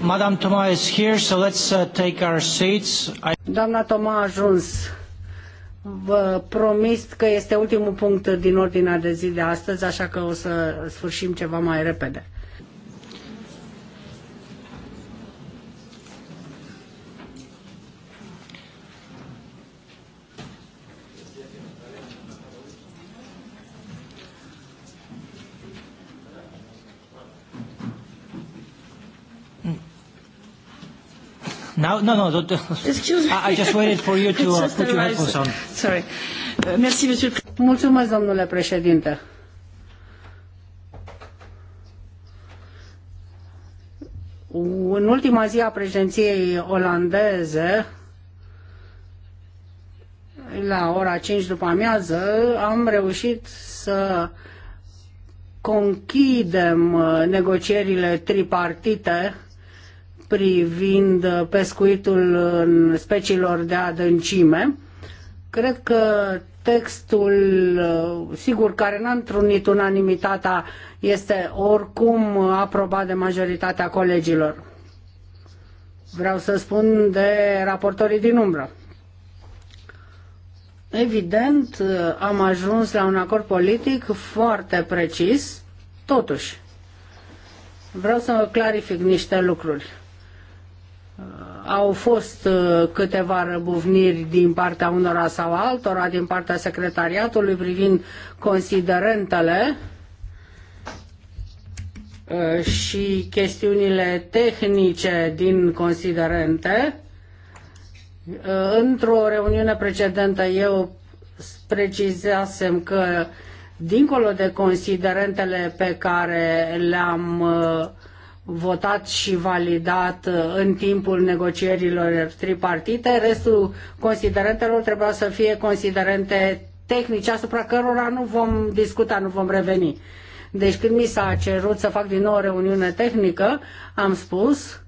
Madame Toma is here, so let's uh, take our seats. I... Doamna Toma a ajuns. Vă promis că este ultimul punct din ordinea de zi de astăzi, așa că o să sfârșim ceva mai repede. Now, no, no, don't, Excuse me. I I just waited for you to uh, put your headphones on. Sorry. Uh, merci, monsieur. Mulțumesc, domnule președinte. În ultima zi a președinției olandeze, la ora 5 după amiază, am reușit să conchidem uh, negocierile tripartite privind uh, pescuitul în speciilor de adâncime. Cred că textul, uh, sigur, care n-a întrunit unanimitatea, este oricum aprobat de majoritatea colegilor. Vreau să spun de raportorii din umbră. Evident, uh, am ajuns la un acord politic foarte precis, totuși. Vreau să clarific niște lucruri. Uh, au fost uh, câteva răbuvniri din partea unora sau altora, din partea secretariatului privind considerentele uh, și chestiunile tehnice din considerente. Într-o reuniune precedentă eu precizasem că dincolo de considerentele pe care le-am uh, votat și validat uh, în timpul negocierilor tripartite, restul considerentelor trebuiau să fie considerente tehnice asupra cărora nu vom discuta, nu vom reveni. Deci când mi s-a cerut să fac din nou o reuniune tehnică, am spus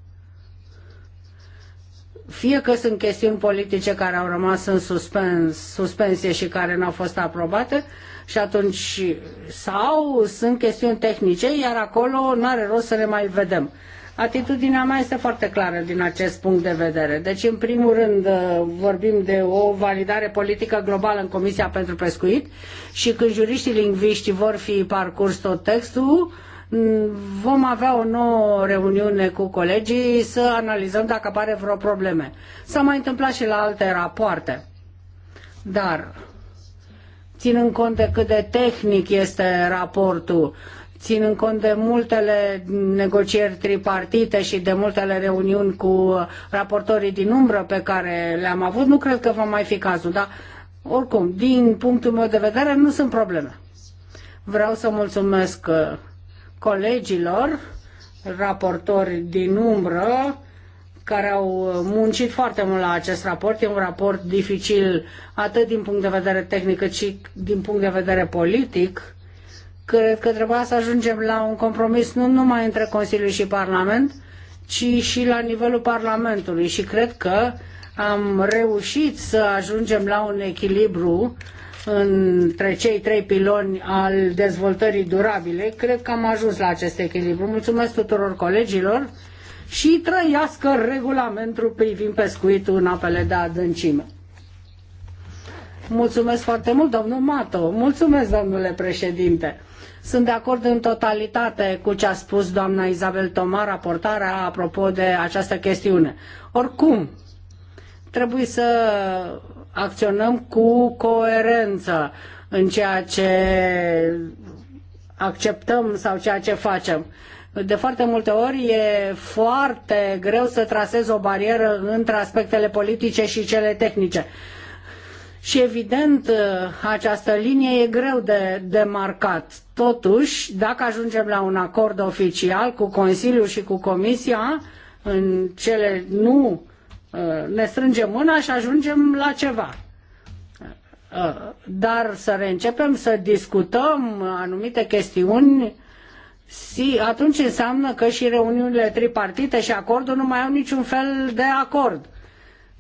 fie că sunt chestiuni politice care au rămas în suspens, suspensie și care nu au fost aprobate, și atunci sau sunt chestiuni tehnice, iar acolo nu are rost să ne mai vedem. Atitudinea mea este foarte clară din acest punct de vedere. Deci, în primul rând, uh, vorbim de o validare politică globală în Comisia pentru Pescuit și când juriștii lingviști vor fi parcurs tot textul, mm, vom avea o nouă reuniune cu colegii să analizăm dacă apare vreo probleme. S-a mai întâmplat și la alte rapoarte. Dar ținând cont de cât de tehnic este raportul, ținând cont de multele negocieri tripartite și de multele reuniuni cu raportorii din umbră pe care le-am avut, nu cred că va mai fi cazul, dar oricum, din punctul meu de vedere, nu sunt probleme. Vreau să mulțumesc uh, colegilor, raportori din umbră, care au muncit foarte mult la acest raport. E un raport dificil atât din punct de vedere tehnic cât și din punct de vedere politic. Cred că trebuia să ajungem la un compromis nu numai între Consiliu și Parlament, ci și la nivelul Parlamentului și cred că am reușit să ajungem la un echilibru între cei trei piloni al dezvoltării durabile. Cred că am ajuns la acest echilibru. Mulțumesc tuturor colegilor și trăiască regulamentul privind pescuitul în apele de adâncime. Mulțumesc foarte mult, domnul Mato. Mulțumesc, domnule președinte. Sunt de acord în totalitate cu ce a spus doamna Isabel Toma, raportarea apropo de această chestiune. Oricum, trebuie să acționăm cu coerență în ceea ce acceptăm sau ceea ce facem de foarte multe ori e foarte greu să trasezi o barieră între aspectele politice și cele tehnice. Și evident, uh, această linie e greu de demarcat. Totuși, dacă ajungem la un acord oficial cu Consiliul și cu Comisia, în cele nu uh, ne strângem mâna și ajungem la ceva. Uh, dar să reîncepem să discutăm anumite chestiuni si, atunci înseamnă că și reuniunile tripartite și acordul nu mai au niciun fel de acord.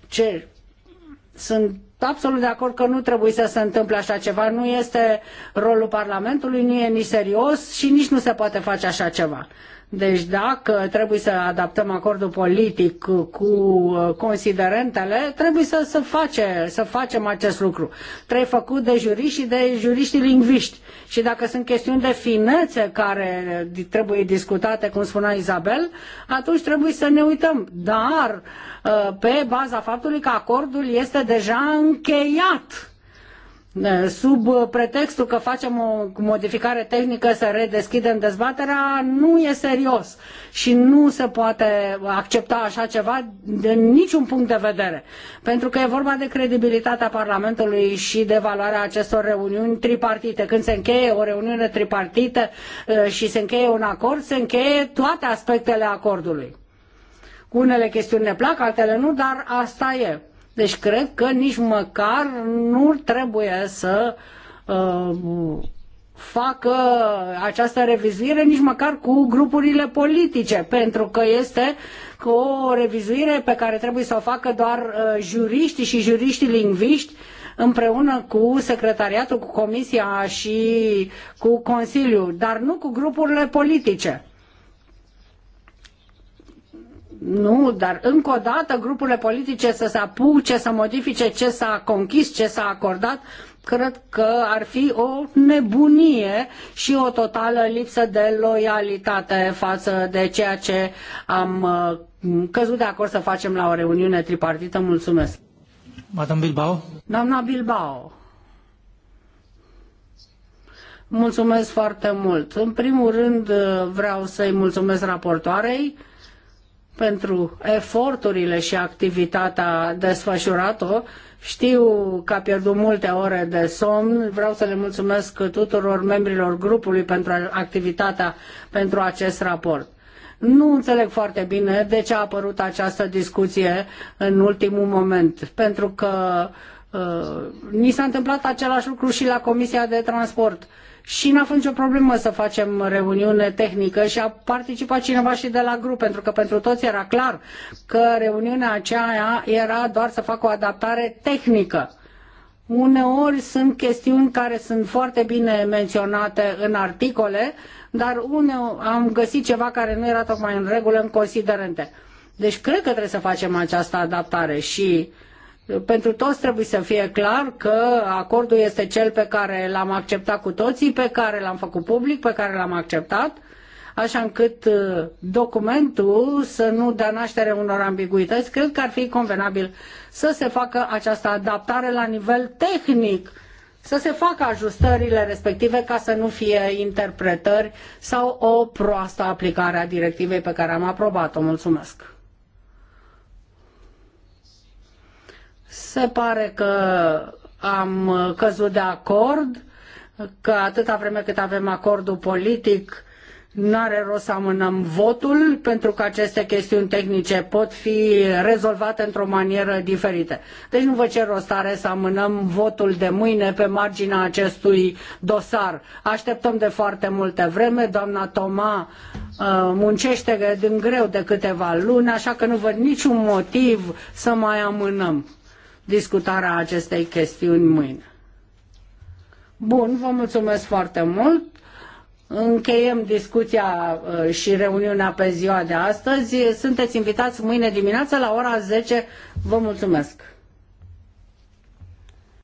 Ce? Sunt absolut de acord că nu trebuie să se întâmple așa ceva. Nu este rolul Parlamentului, nu e nici serios și nici nu se poate face așa ceva. Deci dacă trebuie să adaptăm acordul politic cu uh, considerentele, trebuie să, să, face, să facem acest lucru. Trebuie făcut de juriști și de juriștii lingviști. Și dacă sunt chestiuni de finețe care uh, trebuie discutate, cum spunea Isabel, atunci trebuie să ne uităm. Dar uh, pe baza faptului că acordul este deja încheiat sub uh, pretextul că facem o modificare tehnică să redeschidem dezbaterea, nu e serios și nu se poate accepta așa ceva din niciun punct de vedere. Pentru că e vorba de credibilitatea Parlamentului și de valoarea acestor reuniuni tripartite. Când se încheie o reuniune tripartită uh, și se încheie un acord, se încheie toate aspectele acordului. Unele chestiuni ne plac, altele nu, dar asta e. Deci cred că nici măcar nu trebuie să uh, facă această revizuire nici măcar cu grupurile politice, pentru că este o revizuire pe care trebuie să o facă doar uh, juriștii și juriștii lingviști împreună cu secretariatul, cu comisia și cu Consiliul, dar nu cu grupurile politice. Nu, dar încă o dată grupurile politice să se apuce să modifice ce s-a conchis, ce s-a acordat, cred că ar fi o nebunie și o totală lipsă de loialitate față de ceea ce am uh, căzut de acord să facem la o reuniune tripartită. Mulțumesc. Madame Bilbao. Doamna Bilbao. Mulțumesc foarte mult. În primul rând uh, vreau să-i mulțumesc raportoarei pentru eforturile și activitatea desfășurată. Știu că a pierdut multe ore de somn. Vreau să le mulțumesc tuturor membrilor grupului pentru activitatea pentru acest raport. Nu înțeleg foarte bine de ce a apărut această discuție în ultimul moment, pentru că uh, ni s-a întâmplat același lucru și la Comisia de Transport. Uh, și n-a fost nicio problemă să facem reuniune tehnică și a participat cineva și de la grup, pentru că pentru toți era clar că reuniunea aceea era doar să facă o adaptare tehnică. Uneori sunt chestiuni care sunt foarte bine menționate în articole, dar uneori am găsit ceva care nu era tocmai în regulă în considerente. Deci cred că trebuie să facem această adaptare și uh, pentru toți trebuie să fie clar că acordul este cel pe care l-am acceptat cu toții, pe care l-am făcut public, pe care l-am acceptat, așa încât uh, documentul să nu dea naștere unor ambiguități. Cred că ar fi convenabil să se facă această adaptare la nivel tehnic, să se facă ajustările respective ca să nu fie interpretări sau o proastă aplicare a directivei pe care am aprobat-o. Mulțumesc! Se pare că am căzut de acord că atâta vreme cât avem acordul politic, nu are rost să amânăm votul, pentru că aceste chestiuni tehnice pot fi rezolvate într-o manieră diferită. Deci nu vă cer o stare să amânăm votul de mâine pe marginea acestui dosar. Așteptăm de foarte multă vreme, doamna Toma uh, muncește din greu de câteva luni, așa că nu văd niciun motiv să mai amânăm discutarea acestei chestiuni mâine. Bun, vă mulțumesc foarte mult. Încheiem discuția uh, și reuniunea pe ziua de astăzi. Sunteți invitați mâine dimineață la ora 10. Vă mulțumesc!